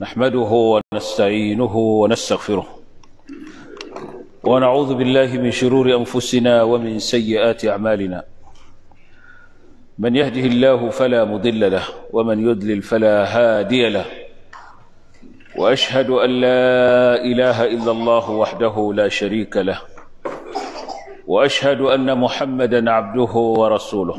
نحمده ونستعينه ونستغفره ونعوذ بالله من شرور أنفسنا ومن سيئات أعمالنا من يهده الله فلا مضل له ومن يدلل فلا هادي له وأشهد أن لا إله إلا الله وحده لا شريك له وأشهد أن محمدا عبده ورسوله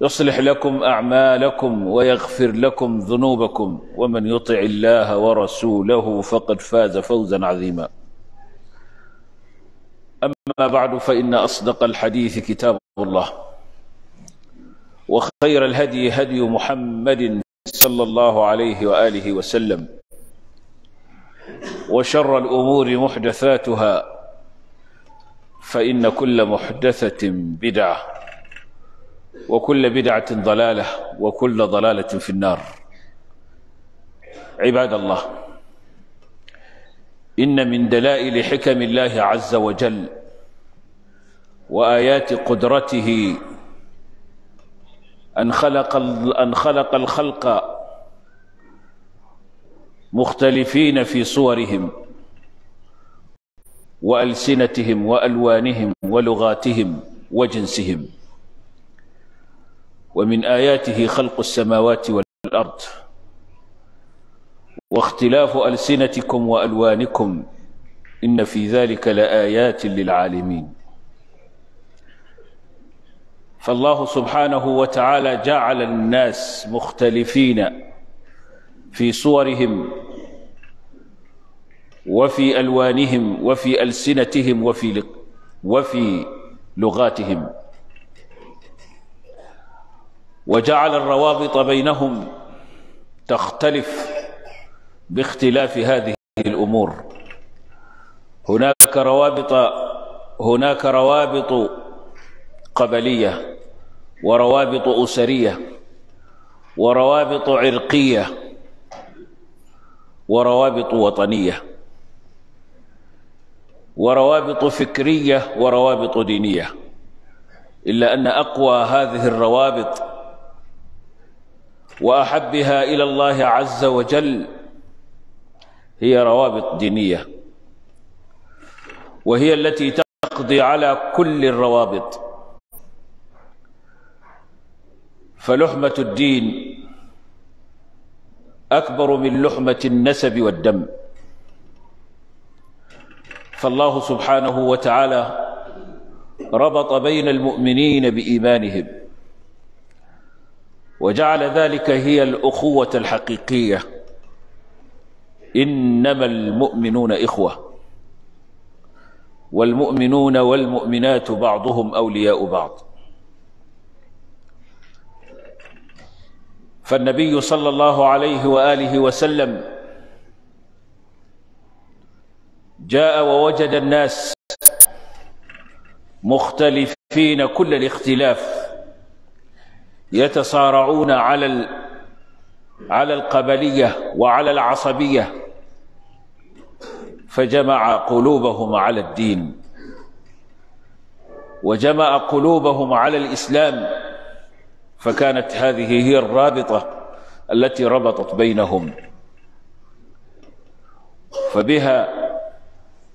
يصلح لكم اعمالكم ويغفر لكم ذنوبكم ومن يطع الله ورسوله فقد فاز فوزا عظيما اما بعد فان اصدق الحديث كتاب الله وخير الهدي هدي محمد صلى الله عليه واله وسلم وشر الامور محدثاتها فان كل محدثه بدعه وكل بدعة ضلالة وكل ضلالة في النار عباد الله إن من دلائل حكم الله عز وجل وآيات قدرته أن خلق أن خلق الخلق مختلفين في صورهم وألسنتهم وألوانهم ولغاتهم وجنسهم ومن آياته خلق السماوات والأرض واختلاف ألسنتكم وألوانكم إن في ذلك لآيات للعالمين فالله سبحانه وتعالى جعل الناس مختلفين في صورهم وفي ألوانهم وفي ألسنتهم وفي وفي لغاتهم وجعل الروابط بينهم تختلف باختلاف هذه الأمور هناك روابط هناك روابط قبلية وروابط أسرية وروابط عرقية وروابط وطنية وروابط فكرية وروابط دينية إلا أن أقوى هذه الروابط واحبها الى الله عز وجل هي روابط دينيه وهي التي تقضي على كل الروابط فلحمه الدين اكبر من لحمه النسب والدم فالله سبحانه وتعالى ربط بين المؤمنين بايمانهم وجعل ذلك هي الأخوة الحقيقية إنما المؤمنون إخوة والمؤمنون والمؤمنات بعضهم أولياء بعض فالنبي صلى الله عليه وآله وسلم جاء ووجد الناس مختلفين كل الاختلاف يتصارعون على على القبليه وعلى العصبيه فجمع قلوبهم على الدين وجمع قلوبهم على الاسلام فكانت هذه هي الرابطه التي ربطت بينهم فبها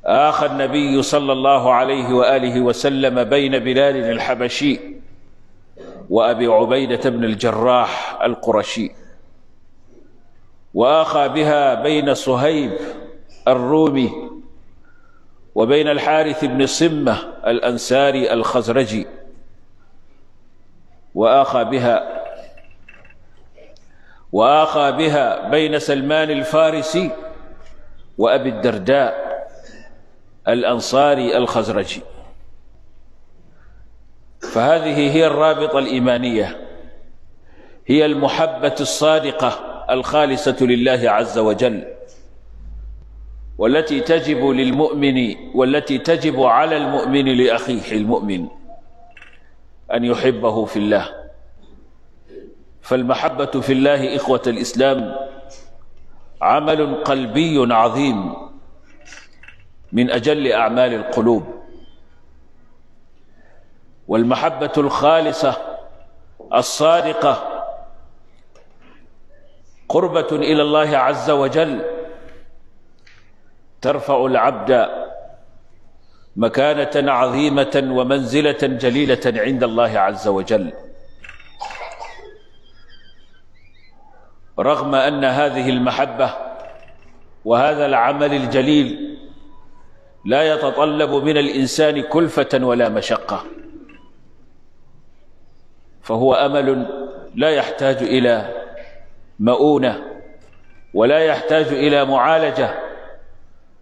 آخى النبي صلى الله عليه وآله وسلم بين بلال الحبشي وأبي عبيدة بن الجراح القرشي وآخى بها بين صهيب الرومي وبين الحارث بن صمة الأنساري الخزرجي وآخى بها وآخى بها بين سلمان الفارسي وأبي الدرداء الأنصاري الخزرجي فهذه هي الرابطة الإيمانية هي المحبة الصادقة الخالصة لله عز وجل والتي تجب للمؤمن والتي تجب على المؤمن لأخيه المؤمن أن يحبه في الله فالمحبة في الله إخوة الإسلام عمل قلبي عظيم من أجل أعمال القلوب والمحبة الخالصة الصادقة قربة إلى الله عز وجل ترفع العبد مكانة عظيمة ومنزلة جليلة عند الله عز وجل رغم أن هذه المحبة وهذا العمل الجليل لا يتطلب من الإنسان كلفة ولا مشقة فهو امل لا يحتاج الى مؤونه ولا يحتاج الى معالجه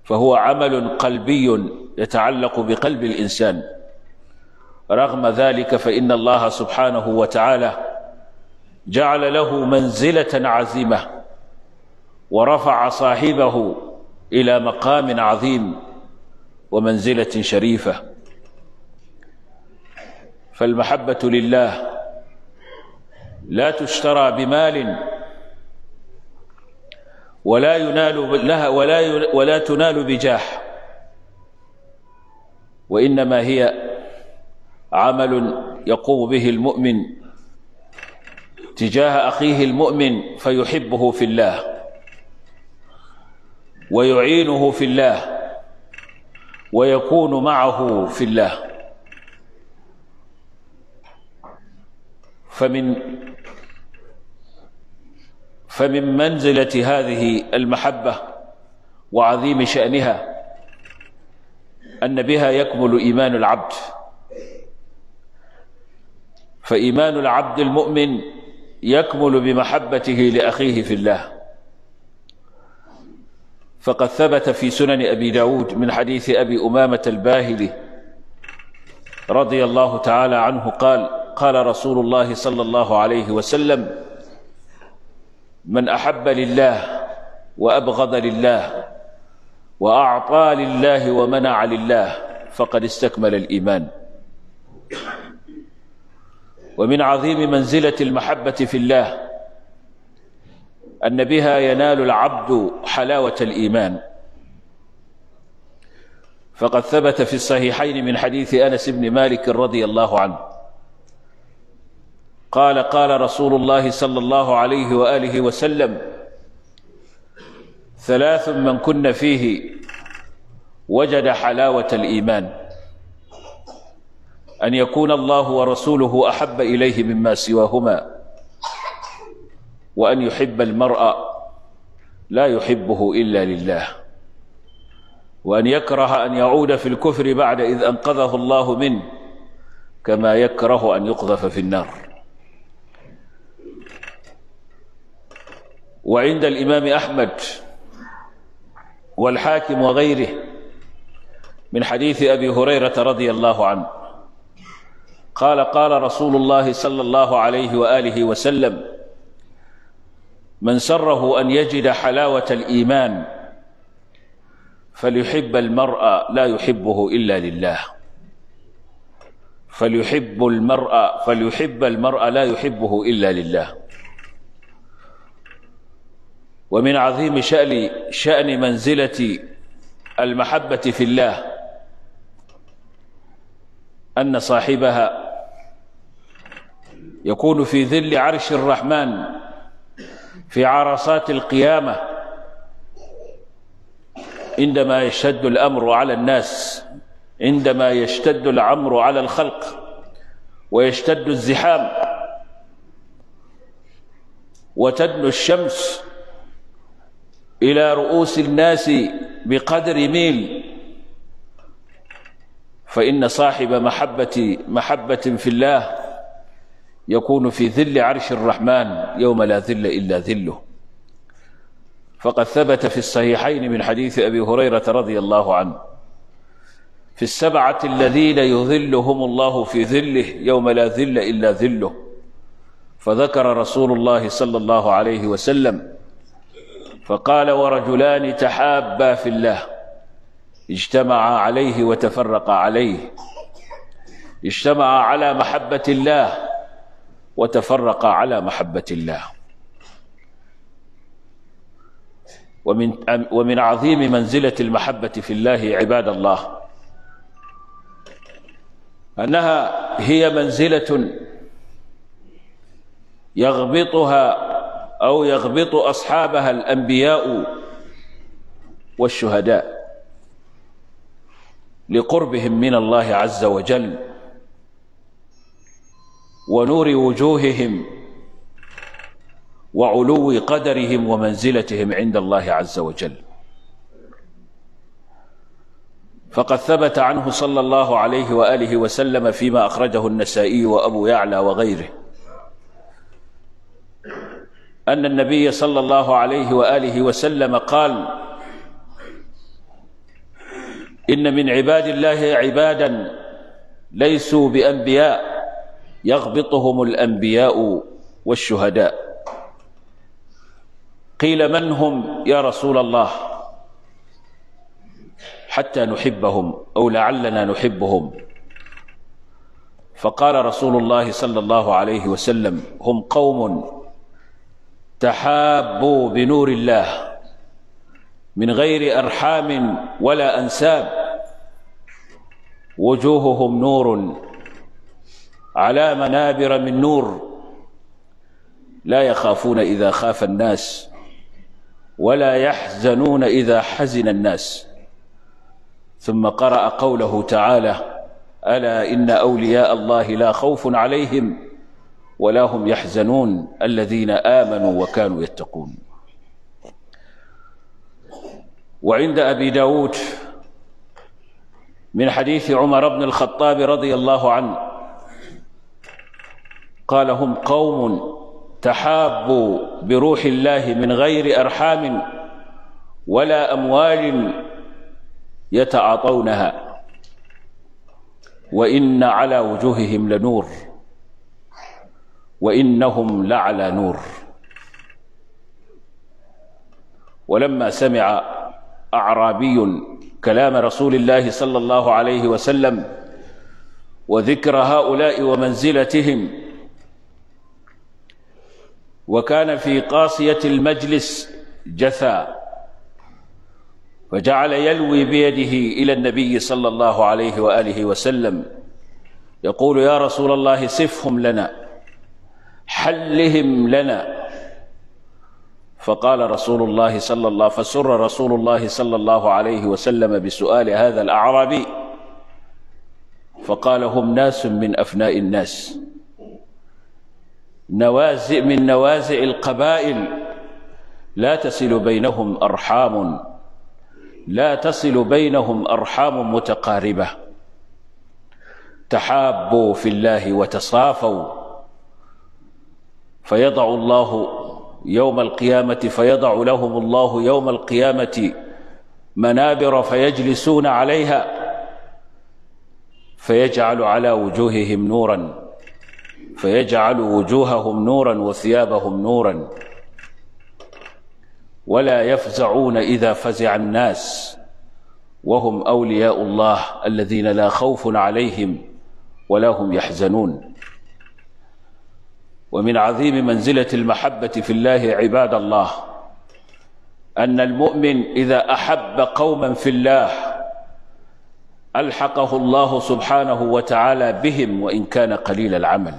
فهو عمل قلبي يتعلق بقلب الانسان رغم ذلك فان الله سبحانه وتعالى جعل له منزله عزيمه ورفع صاحبه الى مقام عظيم ومنزله شريفه فالمحبه لله لا تشترى بمال ولا ينال لها ولا ولا تنال بجاح وانما هي عمل يقوم به المؤمن تجاه اخيه المؤمن فيحبه في الله ويعينه في الله ويكون معه في الله فمن فمن منزلة هذه المحبة وعظيم شأنها أن بها يكمل إيمان العبد فإيمان العبد المؤمن يكمل بمحبته لأخيه في الله فقد ثبت في سنن أبي داود من حديث أبي أمامة الباهلي رضي الله تعالى عنه قال قال رسول الله صلى الله عليه وسلم من أحب لله وأبغض لله وأعطى لله ومنع لله فقد استكمل الإيمان ومن عظيم منزلة المحبة في الله أن بها ينال العبد حلاوة الإيمان فقد ثبت في الصحيحين من حديث أنس بن مالك رضي الله عنه قال قال رسول الله صلى الله عليه واله وسلم ثلاث من كن فيه وجد حلاوه الايمان ان يكون الله ورسوله احب اليه مما سواهما وان يحب المرء لا يحبه الا لله وان يكره ان يعود في الكفر بعد اذ انقذه الله منه كما يكره ان يقذف في النار وعند الإمام أحمد والحاكم وغيره من حديث أبي هريرة رضي الله عنه قال قال رسول الله صلى الله عليه وآله وسلم من سره أن يجد حلاوة الإيمان فليحب المرء لا يحبه إلا لله فليحب المرء فليحب المرء لا يحبه إلا لله ومن عظيم شأن شأن منزلة المحبة في الله أن صاحبها يكون في ذل عرش الرحمن في عرصات القيامة عندما يشتد الأمر على الناس عندما يشتد العمر على الخلق ويشتد الزحام وتدنو الشمس إلى رؤوس الناس بقدر ميل فإن صاحب محبة محبة في الله يكون في ذل عرش الرحمن يوم لا ذل إلا ذله فقد ثبت في الصحيحين من حديث أبي هريرة رضي الله عنه في السبعة الذين يذلهم الله في ذله يوم لا ذل إلا ذله فذكر رسول الله صلى الله عليه وسلم فقال ورجلان تحابا في الله اجتمعا عليه وتفرقا عليه اجتمعا على محبة الله وتفرقا على محبة الله ومن ومن عظيم منزلة المحبة في الله عباد الله أنها هي منزلة يغبطها أو يغبط أصحابها الأنبياء والشهداء لقربهم من الله عز وجل ونور وجوههم وعلو قدرهم ومنزلتهم عند الله عز وجل فقد ثبت عنه صلى الله عليه وآله وسلم فيما أخرجه النسائي وأبو يعلى وغيره أن النبي صلى الله عليه وآله وسلم قال إن من عباد الله عبادا ليسوا بأنبياء يغبطهم الأنبياء والشهداء قيل من هم يا رسول الله حتى نحبهم أو لعلنا نحبهم فقال رسول الله صلى الله عليه وسلم هم قوم تحابوا بنور الله من غير أرحام ولا أنساب وجوههم نور على منابر من نور لا يخافون إذا خاف الناس ولا يحزنون إذا حزن الناس ثم قرأ قوله تعالى ألا إن أولياء الله لا خوف عليهم ولا هم يحزنون الذين آمنوا وكانوا يتقون وعند أبي داود من حديث عمر بن الخطاب رضي الله عنه قال هم قوم تحابوا بروح الله من غير أرحام ولا أموال يتعاطونها وإن على وجوههم لنور وإنهم لعلى نور ولما سمع أعرابي كلام رسول الله صلى الله عليه وسلم وذكر هؤلاء ومنزلتهم وكان في قاصية المجلس جثى فجعل يلوي بيده إلى النبي صلى الله عليه وآله وسلم يقول يا رسول الله سفهم لنا حلهم لنا فقال رسول الله صلى الله فسر رسول الله صلى الله عليه وسلم بسؤال هذا الأعرابي فقال هم ناس من أفناء الناس نوازئ من نوازئ القبائل لا تصل بينهم أرحام لا تصل بينهم أرحام متقاربة تحابوا في الله وتصافوا فيضع الله يوم القيامة فيضع لهم الله يوم القيامة منابر فيجلسون عليها فيجعل على وجوههم نورا فيجعل وجوههم نورا وثيابهم نورا ولا يفزعون إذا فزع الناس وهم أولياء الله الذين لا خوف عليهم ولا هم يحزنون ومن عظيم منزلة المحبة في الله عباد الله أن المؤمن إذا أحب قوما في الله ألحقه الله سبحانه وتعالى بهم وإن كان قليل العمل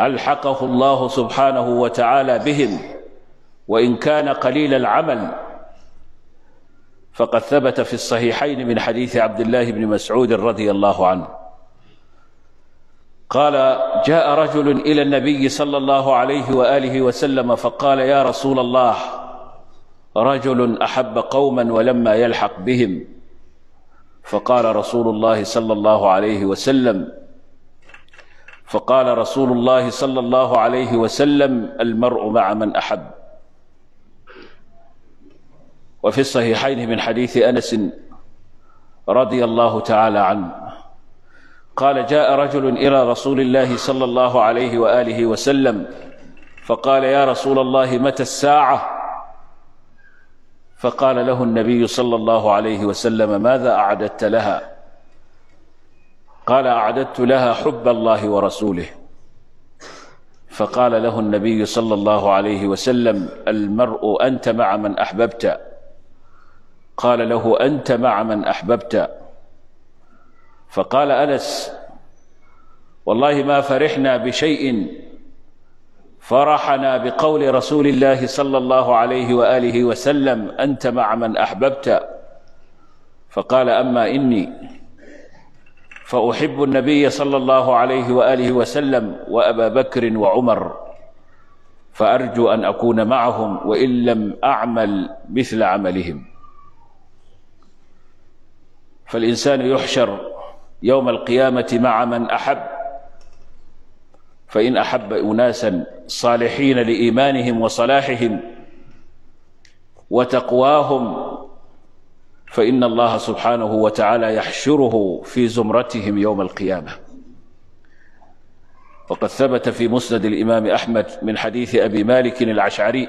ألحقه الله سبحانه وتعالى بهم وإن كان قليل العمل فقد ثبت في الصحيحين من حديث عبد الله بن مسعود رضي الله عنه قال جاء رجل إلى النبي صلى الله عليه وآله وسلم فقال يا رسول الله رجل أحب قوما ولما يلحق بهم فقال رسول الله صلى الله عليه وسلم فقال رسول الله صلى الله عليه وسلم المرء مع من أحب وفي الصحيحين من حديث أنس رضي الله تعالى عنه قال جاء رجل إلى رسول الله صلى الله عليه وآله وسلم فقال يا رسول الله متى الساعة فقال له النبي صلى الله عليه وسلم ماذا أعددت لها قال أعددت لها حب الله ورسوله فقال له النبي صلى الله عليه وسلم المرء أنت مع من أحببت قال له أنت مع من أحببت فقال أنس والله ما فرحنا بشيء فرحنا بقول رسول الله صلى الله عليه وآله وسلم أنت مع من أحببت فقال أما إني فأحب النبي صلى الله عليه وآله وسلم وأبا بكر وعمر فأرجو أن أكون معهم وإن لم أعمل مثل عملهم فالإنسان يحشر يوم القيامة مع من أحب فإن أحب أناسا صالحين لإيمانهم وصلاحهم وتقواهم فإن الله سبحانه وتعالى يحشره في زمرتهم يوم القيامة وقد ثبت في مسند الإمام أحمد من حديث أبي مالك العشعري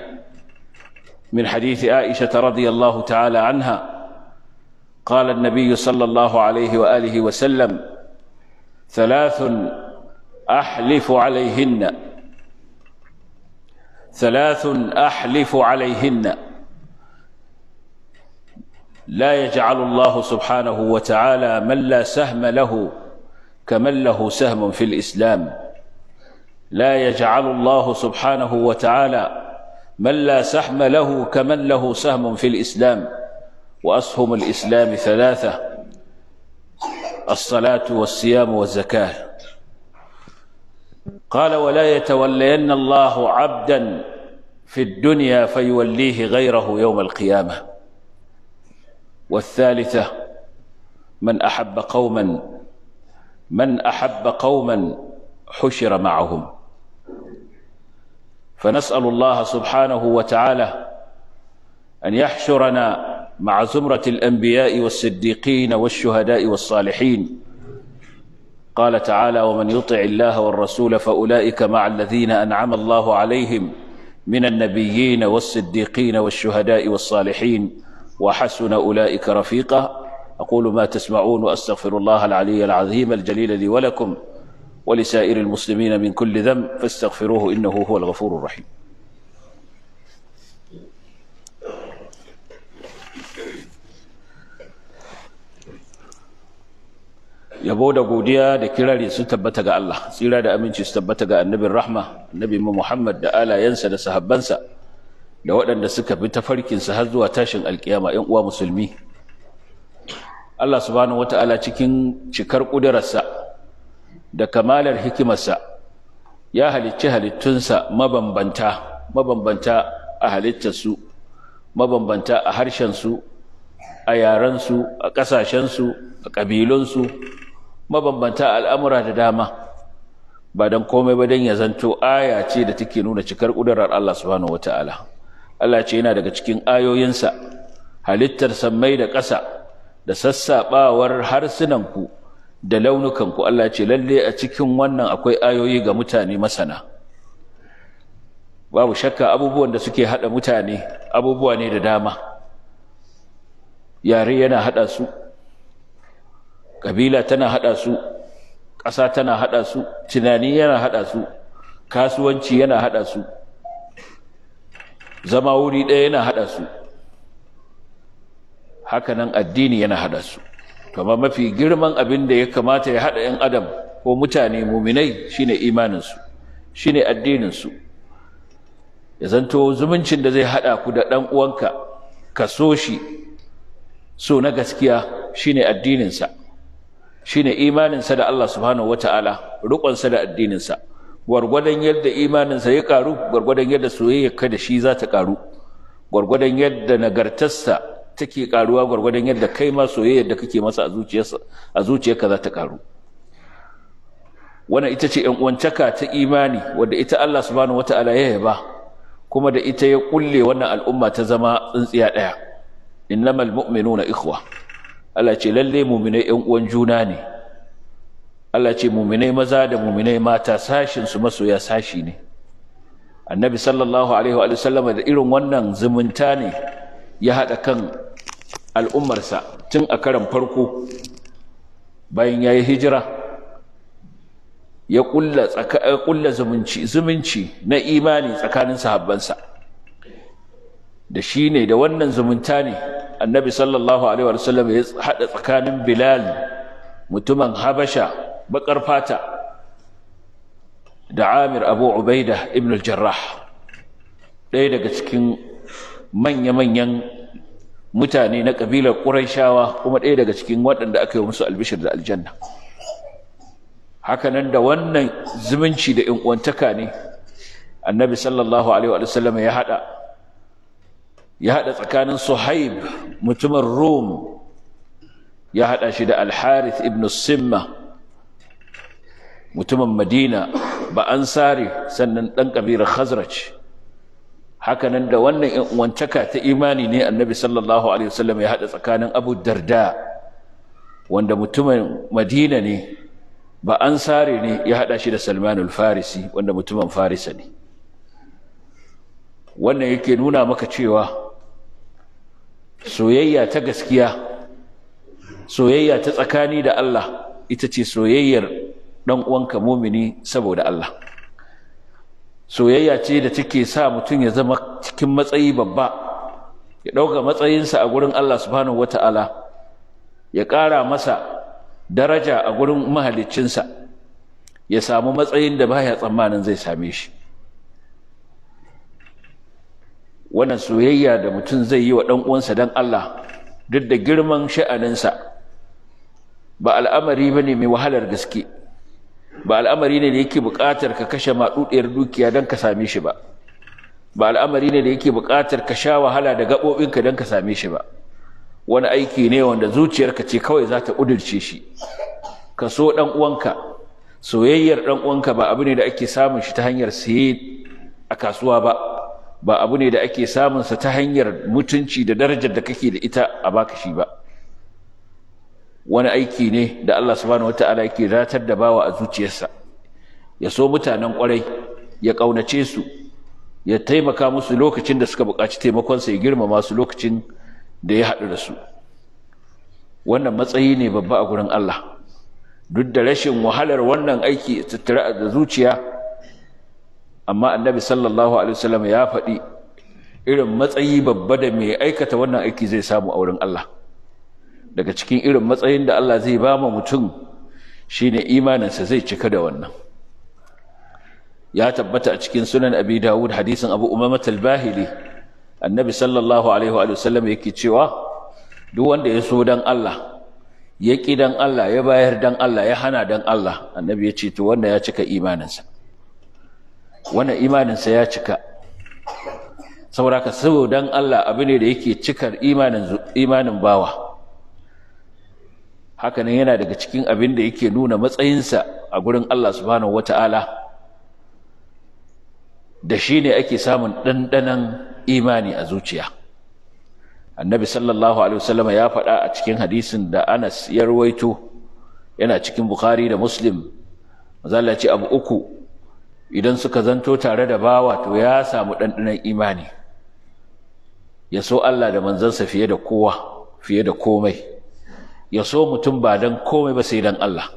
من حديث عائشة رضي الله تعالى عنها قال النبي صلى الله عليه واله وسلم ثلاث احلف عليهن ثلاث احلف عليهن لا يجعل الله سبحانه وتعالى من لا سهم له كمن له سهم في الاسلام لا يجعل الله سبحانه وتعالى من لا سهم له كمن له سهم في الاسلام وأسهم الإسلام ثلاثة الصلاة والصيام والزكاة قال ولا يتولين الله عبدا في الدنيا فيوليه غيره يوم القيامة والثالثة من أحب قوما من أحب قوما حشر معهم فنسأل الله سبحانه وتعالى أن يحشرنا مع زمرة الأنبياء والصديقين والشهداء والصالحين قال تعالى ومن يطع الله والرسول فأولئك مع الذين أنعم الله عليهم من النبيين والصديقين والشهداء والصالحين وحسن أولئك رفيقا أقول ما تسمعون وأستغفر الله العلي العظيم الجليل لي ولكم ولسائر المسلمين من كل ذنب فاستغفروه إنه هو الغفور الرحيم yabo da godiya da kirari su tabbata ga Allah tsira da aminci su tabbata ga annabin rahma annabi Muhammad da alayansa da sahabbansa da waɗanda suka bi ta farkin sa har zuwa tashin alkiyama ‘yan uwa musulmi Allah subhanahu wata'ala cikin cikar ƙudurarsa da kamalar hikimarsa ya halicci halittunsa mabambanta mabambanta a halittarsu mabambanta a harshen su, a yarensu a su, a ƙabilunsu mabambanta al'amura da dama ba don komai ba don ya zanto aya ce da take nuna cikar ƙudurar Allah subhanahu wa ta'ala Allah ce yana daga cikin ayoyinsa halittar sammai da ƙasa da sassaɓawar harsunanku da launukanku Allah ce lalle a cikin wannan akwai ayoyi ga mutane masana babu shakka abubuwan da suke haɗa mutane abubuwa ne da dama yare yana haɗa su kabila tana hada su ƙasa tana hada su tunani yana hada su kasuwanci yana hada su zama wuri ɗaya yana hada su hakanan addini yana hada su kama mafi girman abin da ya kamata ya haɗa 'yan adam ko mutane muminai shine imaninsu shine addininsu ya zanto zumuncin da zai haɗa ku da ɗan uwanka ka so shi so na gaskiya shine addininsa shine imaninsa da Allah subhanahu wataala rukunsa da addininsa gwargwadon yadda imaninsa ya karu gwargwadon yadda soyayya ka da shi za ta karu gwargwadon yadda nagartarsa take ƙaruwa, gwargwadon yadda kai ma soyayya da kake masa a zuciyarsa a zuciyarka za ta karu wannan ita ce yan caka ta imani wadda ita Allah subhanahu wataala ya yaba kuma da ita ya kulle wannan al'umma ta zama tsintsiya ɗaya innamal mu'minuna ikhwa Allah ce lalle muminai yan uwan juna ne Allah ce muminai maza da muminai mata sashin su masoya sashi ne annabi sallallahu alaihi wa sallama da irin wannan zumunta ne ya haɗa kan al'ummarsa tun a karan farko bayan ya yi hijira ya ƙulla zumunci zumunci na imani tsakanin sahabbansa da shi ne da wannan zumunta ne annabi sallallahu alaihi wasallam ya haɗa tsakanin bilal mutumin habasha baƙar fata da amir abu ubaida ibn al-jarrah ɗaya daga cikin manya-manyan mutane na ƙabilar ƙuraishawa kuma ɗaya daga cikin waɗanda aka yi musu albishir da aljanna hakanan da wannan zumunci da uwantaka ne annabi sallallahu alaihi wasallam ya haɗa ya haɗa tsakanin suhaib mutumin rum ya haɗa shi da alharith ibn simma mutumin madina ba ansari sannan ɗan ƙabilar khazraj hakanan da wannan wancaka ta imani ne annabi sallallahu alaihi wasallam ya haɗa tsakanin abu darda wanda mutumin madina ne ba ansari ne ya haɗa shi da salmanul farisi wanda mutumin farisa ne wannan yake nuna maka cewa soyayya ta gaskiya soyayya ta tsakani da Allah ita ce soyayyar dan uwanka mumini saboda Allah soyayya ce da take sa mutum ya zama cikin matsayi babba ya ɗauka matsayinsa a gurin Allah subhanahu wata'ala ya ƙara masa daraja a gurin mahaliccinsa ya samu matsayin da baya tsammanin zai same shi wannan soyayya da mutum zai yi wa ɗan uwansa don Allah duk da girman sha'aninsa ba al'amari ba ne mai wahalar gaske ba al'amari ne da yake buƙatar ka kashe maɗuɗiyar dukiya don ka same shi ba ba al'amari ne da yake buƙatar ka sha wahala da gaɓoɓinka don ka same shi ba wani aiki ne wanda zuciyarka ce kawai za ta ƙudurce shi ka so ɗan uwanka soyayyar ɗan uwanka ba abu ne da ake samun shi ta hanyar siye a kasuwa ba ba abu ne da ake sa ta hanyar mutunci da darajar da kake da ita a baka shi ba wani aiki ne da Allah subhanahu wata'ala yake ratar da bawa a zuciyarsa ya so mutanen kwarai ya ƙaunace su ya taimaka musu lokacin da suka buƙaci taimakonsa ya girmama su lokacin da ya haɗu da su wannan matsayi ne babba a gurin Allah duk da rashin wahalar wannan aiki tattara da zuciya amma annabi sallallahu alaihi wasallam ya faɗi irin matsayi babba da mai aikata wannan aiki zai samu a wurin Allah daga cikin irin matsayin da Allah zai ba ma mutum shine imaninsa zai cika da wannan ya tabbata a cikin sunan abi dawud hadisin abu umama al annabi sallallahu alaihi wa yake cewa duk wanda ya so dan Allah ya ƙi dan Allah ya bayar dan Allah ya hana dan Allah annabi ya ce to wanda ya cika imaninsa wannan imaninsa ya cika saboda ka saboda Allah abu ne da yake cikar imanin imanin bawa hakanan yana daga cikin abin da yake nuna matsayinsa a gurin Allah subhanahu wata'ala da shi ne ake samun ɗanɗanon imani a zuciya annabi sallallahu alaihi wasallam ya faɗa a cikin hadisin da Anas ya ruwaito yana cikin Bukhari da Muslim manzo ce abu uku idan suka zanto tare da bawa to ya samu ɗanɗanon imani ya so Allah da manzansa fiye da kowa fiye da komai ya so mutum ba don komai ba sai don Allah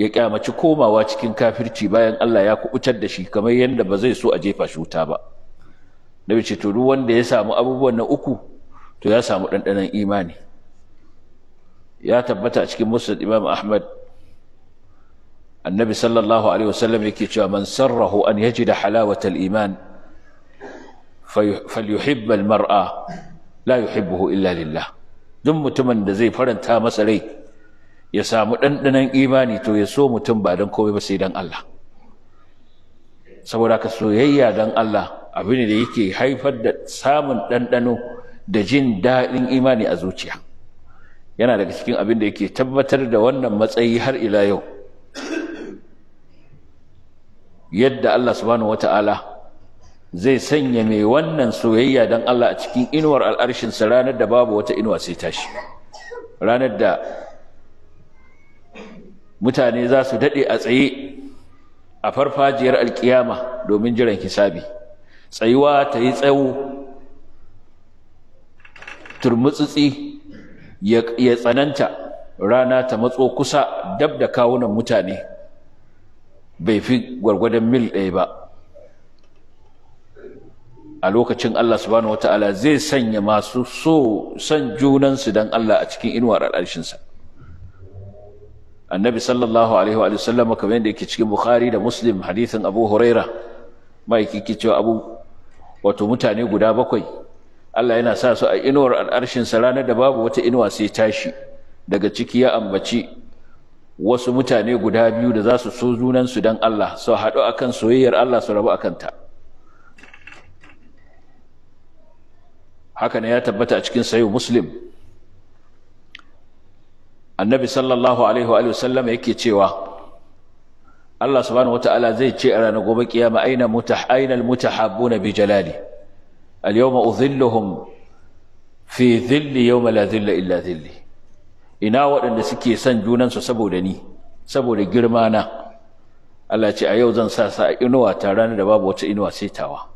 ya kyamaci komawa cikin kafirci bayan Allah ya kubutar da shi kamar yadda ba zai so a jefa shi ba Na ce to duk wanda ya samu abubuwan na uku to ya samu ɗanɗanon imani ya tabbata a cikin musulun imam ahmad annabi sallallahu alaihi wasallam yake cewa man sarrahu an yaji da halawatal iman falyuhibb mar'a, la yuhibbuhu illa lillah duk mutumin da zai faranta masa rai ya samu ɗanɗanon imani to ya so mutum ba don komai ba sai don Allah saboda ka soyayya don Allah abin da yake haifar da samun ɗanɗano da jin daɗin imani a zuciya yana daga cikin abin da yake tabbatar da wannan matsayi har ila yau yadda Allah subhanahu wata'ala zai sanya mai wannan soyayya dan Allah a cikin inuwar sa ranar da babu wata inuwa sai tashi ranar da mutane za su daɗe a tsaye a farfajiyar alkiyama domin jiran hisabi tsayuwa ta yi tsawo turmutsitsi ya tsananta rana ta matso kusa dab da kawunan mutane bai fi gwargwadon mil ɗaya ba a lokacin Allah subhanahu wata'ala zai sanya masu so son junansu don Allah a cikin inuwar al'arshinsa annabi sallallahu alaihi wa sallam kamar yadda yake cikin bukhari da muslim hadithin abu huraira ma'aiki cewa abu wato mutane guda bakwai Allah yana sa su a inuwar al'arshinsa ranar da babu wata inuwa sai tashi daga ciki ya ambaci wasu mutane guda biyu da za su so junansu don Allah su haɗu akan soyayyar Allah su rabu a kanta. haka ne ya tabbata a cikin sayo muslim annabi sallallahu alaihi wa sallam yake cewa Allah subhanahu ta'ala zai ce a ranar gobe kiyama aina mutah aina almutahabbuna bi jalali al-yawma udhilluhum fi dhilli yawma la dhilla illa dhilli ina waɗanda suke son junansu saboda ni saboda girma Allah ce a yau zan sa sa inuwa ta rana da babu wata inuwa sai tawa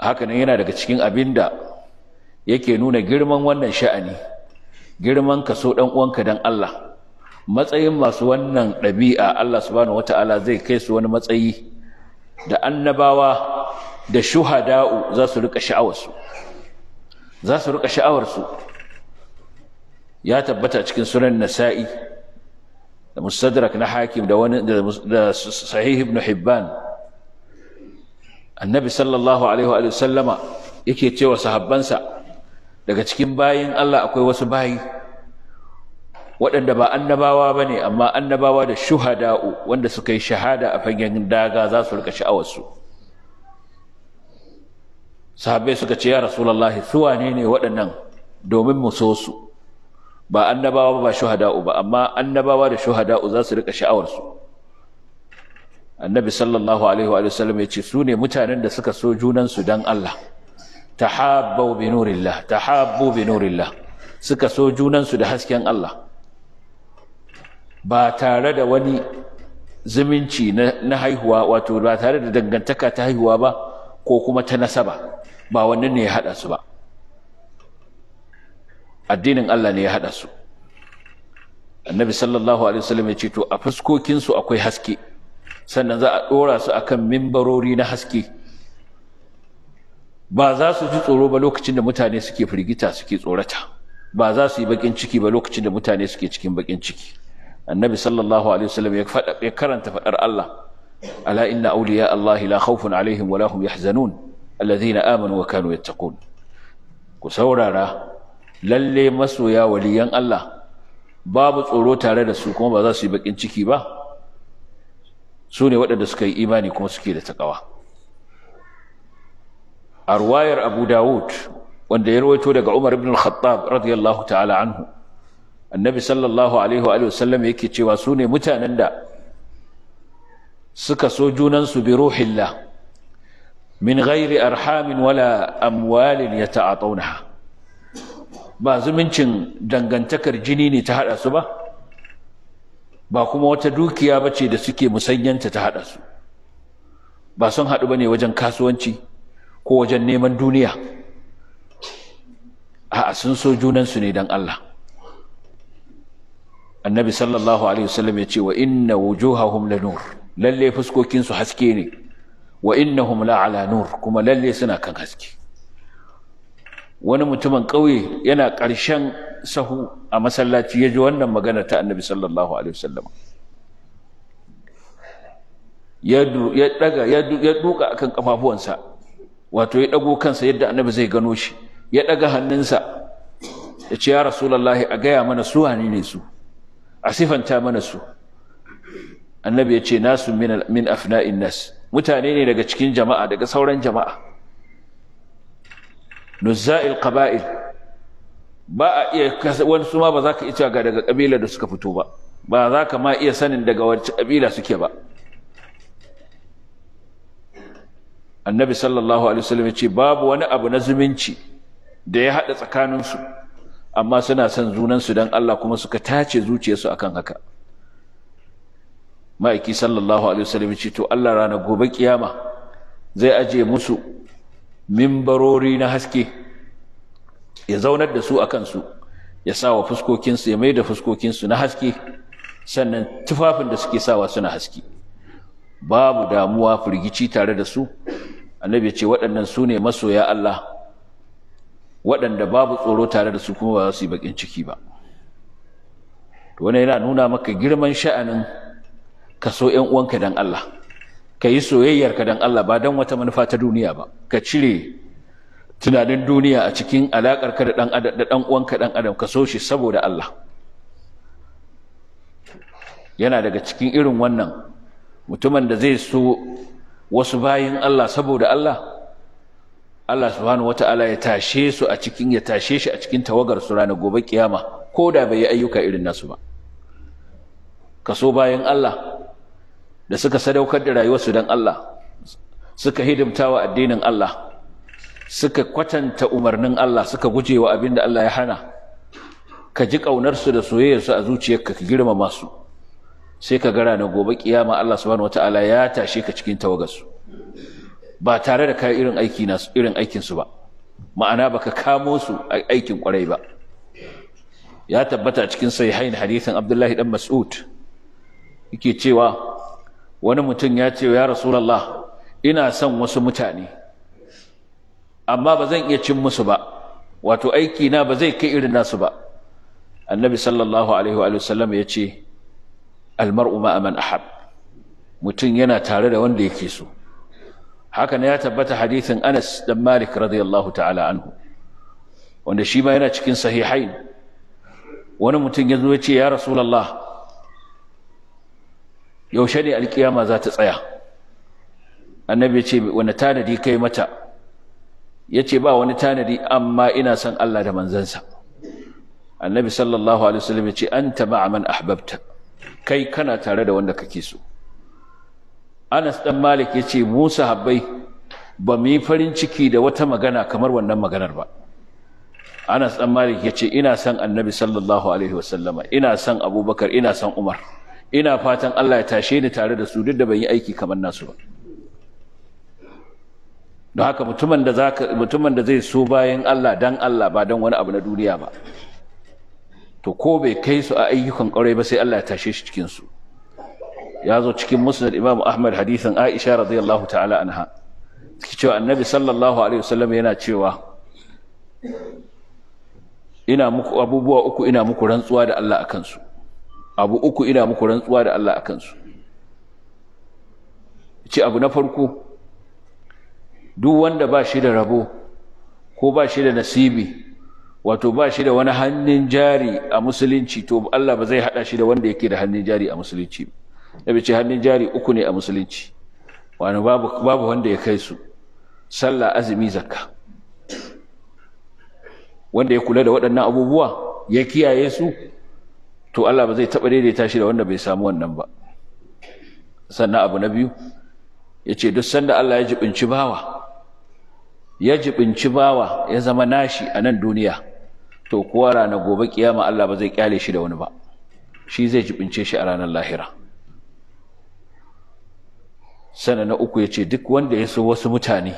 hakanan yana daga cikin abin da yake nuna girman wannan sha'ani girman ka so ɗan uwanka dan Allah matsayin masu wannan ɗabi'a Allah subhanahu wata'ala zai kai su wani matsayi da annabawa da shuhada'u za su rika sha'awarsu za su rika sha'awarsu ya tabbata cikin sunan nasa'i da mustadrak na hakim da wani da sahih ibn hibban annabi sallallahu alaihi wa sallama yake cewa sahabbansa daga cikin bayin Allah akwai wasu bayi waɗanda ba annabawa ba ne amma annabawa da shuhada'u wanda suka yi shahada a fagen daga za su rika sha'awarsu sahabbai suka ce ya rasulallah su wane ne waɗannan domin mu so su ba annabawa ba shuhada'u ba amma annabawa da shuhada'u za su rika sha'awar su annabi sallallahu alaihi wa sallam ya ce su ne mutanen da suka so junan su dan Allah tahabbu bi nurillah tahabbu bi nurillah suka so junan su da hasken Allah ba tare da wani zumunci na haihuwa wato ba tare da dangantaka ta haihuwa ba ko kuma ta nasaba ba wannan ne ya hada su ba addinin Allah ne ya haɗa su annabi sallallahu alaihi wasallam ya ce to a fuskokinsu akwai haske sannan za a ɗora su akan mimbarori na haske ba za su ji tsoro ba lokacin da mutane suke firgita suke tsorata ba za su yi bakin ciki ba lokacin da mutane suke cikin bakin ciki annabi sallallahu alaihi wasallam ya faɗa ya karanta faɗar Allah ala inna awliya Allah la khawfun alaihim wa la yahzanun alladhina amanu wa kanu yattaqun ku saurara lalle masoya waliyan Allah babu tsoro tare da su kuma ba za su yi bakin ciki ba su ne waɗanda suka yi imani kuma suke da takawa a ruwayar abu dawud wanda ya rawaito daga umar ibn al-khattab radiyallahu ta'ala anhu annabi sallallahu alaihi wa sallam yake cewa su ne mutanen da suka so junansu bi ruhillah min ghairi arhamin wala amwalin yata'atawnaha ba zumuncin dangantakar jini ne ta haɗa su ba ba kuma wata dukiya ba ce da suke musanyanta ta haɗa su ba sun haɗu ba ne wajen kasuwanci ko wajen neman duniya a'a sun so junansu ne don Allah annabi sallallahu alaihi wasallam ya ce wa inna wujuhahum la nur lalle fuskokinsu haske ne wa inna la ala nur kuma lalle suna kan haske wani mutumin ƙauye yana ƙarshen sahu a masallaci ya ji wannan magana ta annabi sallallahu alaihi wasallam ya ya duka akan kafafuwansa wato ya ɗago kansa yadda annabi zai gano shi ya daga hannunsa ya ce ya rasulullahi a gaya mana su wani ne su a sifanta mana su annabi ya ce nasu min afna'in nas mutane ne daga cikin jama'a daga sauran jama'a nuzza'il qaba'il ba a iya wasu ma ba za ka iya ga daga kabila da suka fito ba ba za ka ma iya sanin daga wacce kabila suke ba annabi sallallahu alaihi wasallam ya ce babu wani abu na zumunci da ya haɗa tsakaninsu amma suna son junansu don Allah kuma suka tace zuciyarsu akan haka ma'aiki sallallahu alaihi wasallam ya ce to Allah rana gobe ƙiyama zai ajiye musu mimbarori na haske ya zaunar da su a kansu ya sa wa fuskokinsu ya mai da fuskokinsu na haske sannan tufafin da suke sawa suna haske babu damuwa firgici tare da su annabi ya ce waɗannan su ne masoya Allah waɗanda babu tsoro tare da su kuma ba za su yi baƙin ciki ba Wani yana nuna maka girman sha'anin kaso 'yan uwanka dan Allah ka yi soyayyarka don Allah ba don wata manufa ta duniya ba ka cire tunanin duniya a cikin alaƙarka da ɗan ka ɗan adam ka so shi saboda Allah yana daga cikin irin wannan mutumin da zai so wasu bayan Allah saboda Allah Allah subhanahu wata'ala ya tashe su a cikin ya tashe shi a cikin tawagar su rana gobe kiyama ko da bai yi ayyuka irin nasu ba ka so bayan Allah da suka sadaukar da rayuwarsu don Allah suka hidimta wa addinin Allah suka kwatanta umarnin Allah suka guje wa abin da Allah ya hana ka ji ƙaunarsu da soyayyarsu a zuciyarka ka girmama su sai ka gara na gobe kiyama Allah subhanahu wataala ya tashe ka cikin tawagarsu ba tare da kai irin aikinsu nasu irin ba ma'ana baka kamo su a aikin kwarai ba ya tabbata cikin sahihain hadisin Abdullahi dan Mas'ud yake cewa wani mutum ya ce ya rasulallah ina son wasu mutane amma ba zan iya cin musu ba wato aiki na ba zai kai irin nasu ba annabi sallallahu alaihi wa sallam ya ce almar'u ma man ahab mutum yana tare da wanda yake so haka ne ya tabbata hadithin Anas dan Malik radiyallahu ta'ala anhu wanda shi ma yana cikin sahihain wani mutum ya zo ya ce ya rasulallah. yaushe ne alkiyama za ta tsaya annabi ya ce wani tanadi kai mata ya ce ba wani tanadi amma ina son Allah da manzansa annabi sallallahu alaihi wasallam ya ce anta a man ahbabta kai kana tare da wanda kake so Anas dan Malik ya ce Musa habbai ba mu yi farin ciki da wata magana kamar wannan maganar ba Anas dan Malik ya ce ina son annabi sallallahu alaihi wasallama ina son Abubakar ina son Umar ina fatan Allah ya tashe ni tare da su duk da ban yi aiki kamar nasu ba don haka mutumin da zai so bayan Allah dan Allah ba dan wani abu na duniya ba to ko bai kai su a ayyukan ƙwarai ba sai Allah ya tashe shi cikin su ya zo cikin musnad Imam Ahmad hadisin Aisha radiyallahu ta'ala anha cewa annabi sallallahu alaihi wasallam yana cewa ina muku abubuwa uku ina muku rantsuwa da Allah akan su abu uku ina muku rantsuwa da Allah a kansu. ce abu na farko duk wanda ba shi da rabo ko ba shi da nasibi wato ba shi da wani hannun jari a musulunci to Allah ba zai hada shi da wanda yake da hannun jari a musulunci ba ce hannun jari uku ne a musulunci wani babu, babu wanda ya kai su sallah azumi zakka wanda ya kula da waɗannan abubuwa ya kiyaye su to Allah ba zai taɓa daidaita shi da wanda bai samu wannan ba sannan abu na biyu ya ce duk sanda Allah ya jibinci bawa ya jibinci bawa ya zama nashi a nan duniya to kuwa ranar gobe kiyama Allah ba zai kyale shi da wani ba shi zai jibince shi a ranar lahira sannan na uku ya ce duk wanda ya so wasu mutane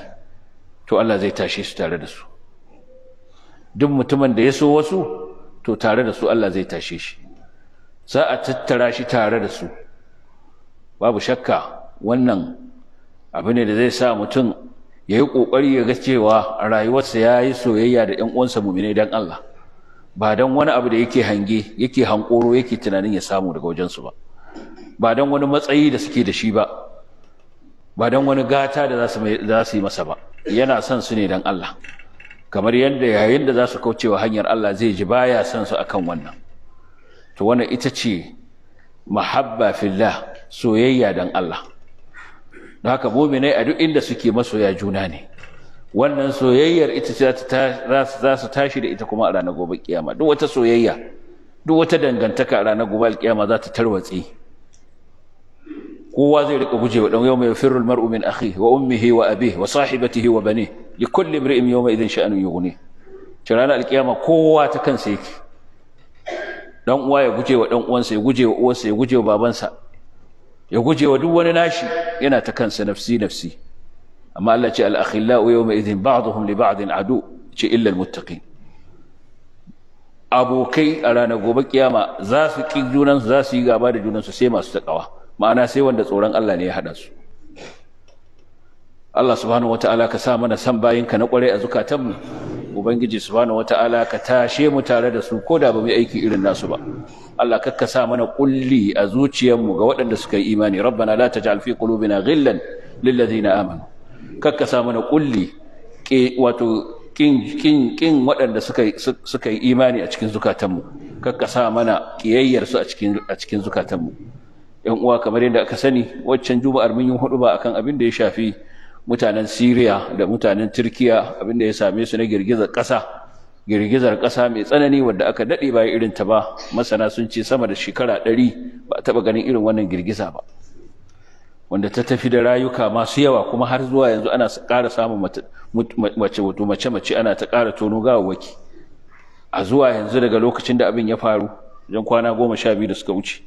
to Allah zai tashe su tare da su duk mutumin da ya so wasu to tare da su Allah zai tashe shi za a tattara shi tare da su babu shakka wannan abu ne da zai sa mutum ya yi ƙoƙari ya ga cewa a rayuwarsa ya yi soyayya da ‘yan uwansa mumine don Allah ba don wani abu da yake hange yake hankoro yake tunanin ya samu daga wajensu ba ba don wani matsayi da suke da shi ba ba don wani gata da za su yi masa ba yana son su ne dan Allah kamar yadda yayin da za su kaucewa hanyar Allah zai ji baya son su akan wannan to wannan ita ce mahabba fillah soyayya dan Allah don haka muminai a duk inda suke masoya juna ne wannan soyayyar ita ce za su tashi da ita kuma a ranar gobe kiyama duk wata soyayya duk wata dangantaka a ranar gobe kiyama za ta tarwatse kowa zai rika gujewa dan yau mai firru mar'u min akhi wa ummihi wa abihi wa sahibatihi wa bani li kulli imri'in yawma idin sha'anu yughni to alkiyama kowa ta kansa yake dan uwa ya guje wa dan uwansa ya guje wa uwarsa ya guje wa babansa ya guje wa duk wani nashi yana ta kansa nafsi nafsi amma Allah ce al-akhillau yawma idhin ba'dhum li ba'din adu ce illa al-muttaqin abokai a ranar gobe kiyama za su ki junansu za su yi gaba da junansu sai masu takawa ma'ana sai wanda tsoron Allah ne ya haɗa su Allah subhanahu wata'ala ka sa mana san bayinka na kwarai a zukatanmu ubangiji subhanahu wata'ala ka tashe mu tare da su ko da ba mu aiki irin nasu ba Allah kakka sa mana kulli a zuciyarmu ga waɗanda suka yi imani rabbana la taj'al fi qulubina ghillan lil ladina amanu kakka sa mana kulli ke wato kin waɗanda suka yi imani a cikin zukatanmu kakka sa mana ƙiyayyarsu a cikin a cikin zukatanmu yan uwa kamar yadda aka sani waccan juma'ar mun yi hudu ba akan abin da ya shafi mutanen Syria da mutanen Turkiya abinda ya same su na girgizar ƙasa girgizar ƙasa mai tsanani wadda aka daɗe ba irin ta ba masana sun ce sama da shekara ɗari ba taɓa ganin irin wannan girgiza ba wanda ta tafi da rayuka masu yawa kuma har zuwa yanzu ana ƙara samun mace mace mace ana ta ƙara tono gawawwaki a zuwa yanzu daga lokacin da abin ya faru jan kwana goma sha biyu da suka wuce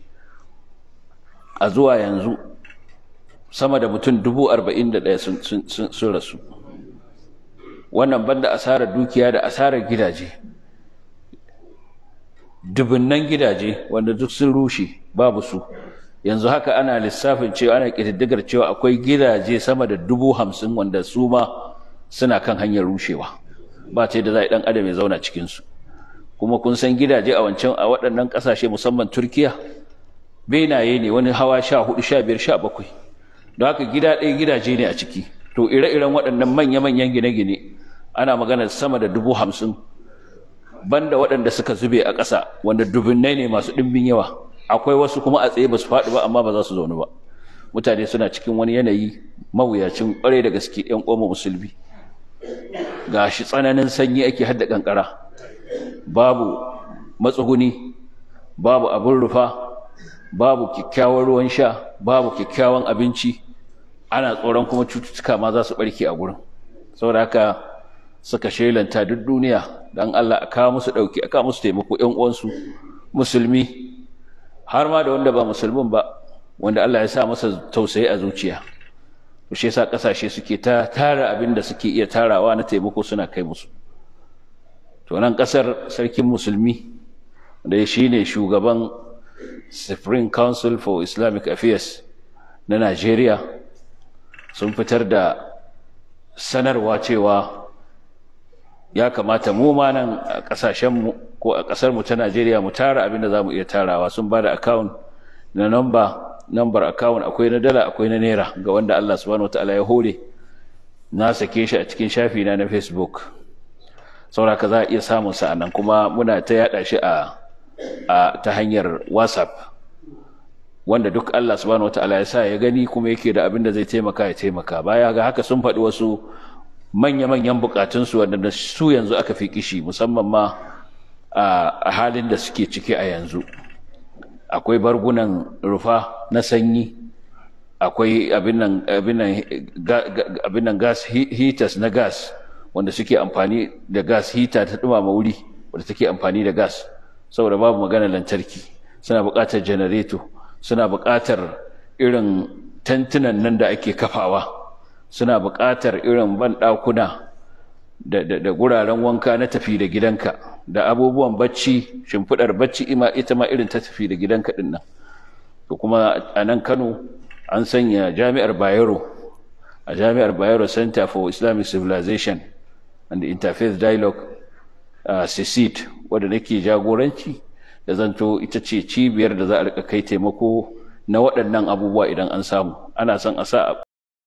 a zuwa yanzu sama da mutum dubu arba'in da ɗaya sun rasu wannan banda asarar dukiya da asarar gidaje dubunnan gidaje wanda duk sun rushe babu su yanzu haka ana lissafin cewa ana ƙididdigar cewa akwai gidaje sama da dubu hamsin wanda su ma suna kan hanyar rushewa ba ce da za a ɗan adam ya zauna cikinsu kuma kun san gidaje a wancan a waɗannan ƙasashe musamman turkiya benaye ne wani hawa sha hudu sha biyar sha bakwai don haka gida ɗaya gidaje ne a ciki to ire-iren waɗannan manya-manyan gine-gine ana magana sama da dubu hamsin banda waɗanda suka zube a ƙasa wanda dubinnai ne masu ɗimbin yawa akwai wasu kuma a tsaye ba su faɗi ba amma ba za su zaune ba mutane suna cikin wani yanayi mawuyacin ƙwarai da gaske ‘yan ƙoma musulmi ga shi tsananin sanyi ake hadda ƙanƙara babu matsuguni babu abin rufa babu kyakkyawan ruwan sha babu kyakkyawan abinci ana tsoron kuma cututtuka ma za su barke a gurin saboda haka suka shelanta duk duniya dan Allah a kawo musu dauki a kawo musu taimako ƴan uwansu musulmi har ma da wanda ba musulmin ba wanda Allah ya sa masa tausayi a zuciya to shi yasa kasashe suke ta tara abin da suke iya tarawa na taimako suna kai musu to nan kasar sarkin musulmi da shi ne shugaban Supreme Council for Islamic Affairs na nigeria. sun fitar da sanarwa cewa ya kamata mu ma nan a ƙasashenmu ko a ƙasarmu ta najeriya mu tara abin da za mu iya tarawa sun ba da akawun na namba nambar akawun akwai na dala akwai na naira ga wanda allah subhanahu wa ya hore na sake shi a cikin shafi na na facebook sauraka za a iya samun sa nan kuma muna ta yada shi a ta hanyar whatsapp wanda duk Allah subhanahu wataala ya sa ya gani kuma yake da abin da zai taimaka ya taimaka baya ga haka sun faɗi wasu manya-manyan su wanda su yanzu aka fi kishi musamman ma a halin da suke ciki a yanzu akwai bargunan rufa na sanyi akwai abin nan gas heaters na gas wanda suke amfani da gas heater ta dumama wuri wadda take amfani da gas saboda babu magana lantarki suna bukatar janareto suna buƙatar irin tantunan nan da ake kafawa suna buƙatar irin banɗakuna da guraren wanka na tafi da gidanka da abubuwan bacci shimfiɗar bacci ima ita ma irin ta tafi da gidanka ɗin nan to kuma a nan kano an sanya jami'ar bayero a jami'ar bayero center for islamic civilization and interfaith dialogue a uh, wadda nake jagoranci ya zanto ita ce cibiyar da za a rika kai taimako na waɗannan abubuwa idan an samu ana son a sa